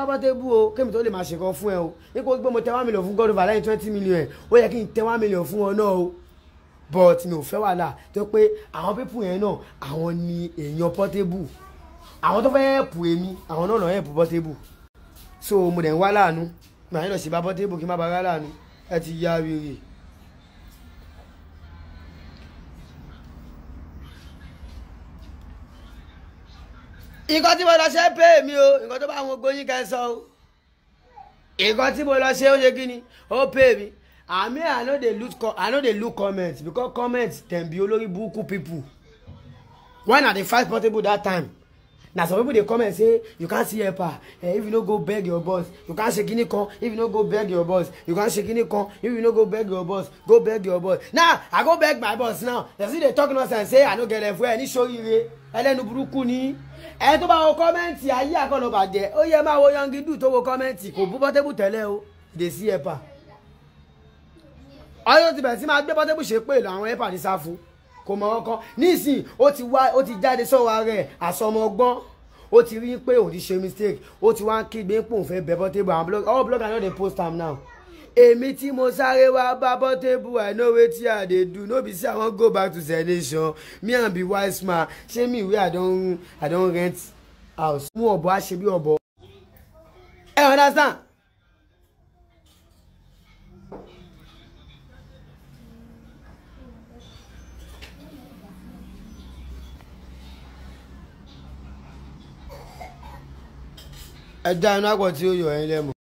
bábá tẹ́ bú o kémi tó lè máa ṣèkọ́ fún ẹ o ní kó gbé mo tẹ one million fún God over lẹ́yìn twenty million ẹ̀ ó yẹ kí n tẹ one million fún ọ náà o but mi ò fẹ́ wàhálà tó pé àwọn pípù yẹn náà àwọn ni èèyàn Portable àwọn tó fẹ́ ẹ̀pù èmi àwọn náà lọ́ọ́ ẹ̀pù Portable so mo dẹ̀ ń wá láàánú màá yín lọ sí bá Portable kí n má bá rá láàánú ẹ ti yá rere. nǹkan tí mo lọ ṣe pé mi o nǹkan tó bá àwọn gbóyin kẹ sọ o nǹkan tí mo lọ ṣe ó ṣe kí ni ó pè mí àmì i no dey look i no dey look comment because comment dem be olórí burúkú people when i the fight portable that time na some people dey come and say you can't see helper eh, if you no go beg your boss you can't shake any con if you no go beg your boss you can't shake any con if you no go beg your boss go beg your boss now i go beg my boss now dem still dey talk nonsense say i no get left any show you ire ẹlẹ́nu burúkú ni ẹ tó bá wo kọ́mẹ́ǹtì ayé àkọlù bàjẹ́ ó yẹ máa wo yangidu tó wo kọ́mẹ́ǹtì kò bú bọ́tẹ́bù tẹ́lẹ̀ o dey see helper ọyọ́ ti bẹ̀rẹ̀ sí máa gbé bọ́tẹ́bù ṣe pé ìlú àwọn helper ní sáfù kò mọ̀ ọ́n kan nísìn ó ti wá ó ti jáde sọ́wọ́ ara ẹ̀ àsọmọgbọ́n ó ti rí pé òun ti ṣe mistake ó ti wá ń kígbe pò ń fẹ́ bẹ Portable àwọn blog all blogger no dey post am now èmi tí mo sáré wá bá Portable i know wetin i dey do no be say i wan go back to sensation me and be wise man ṣé mi wey i don i don rent house mú ọ̀bọ̀ á ṣe bí ọ̀bọ̀ ẹ understand ẹ dá iná àgbọ̀ tí ó yọ ẹ̀yin lẹ́mu.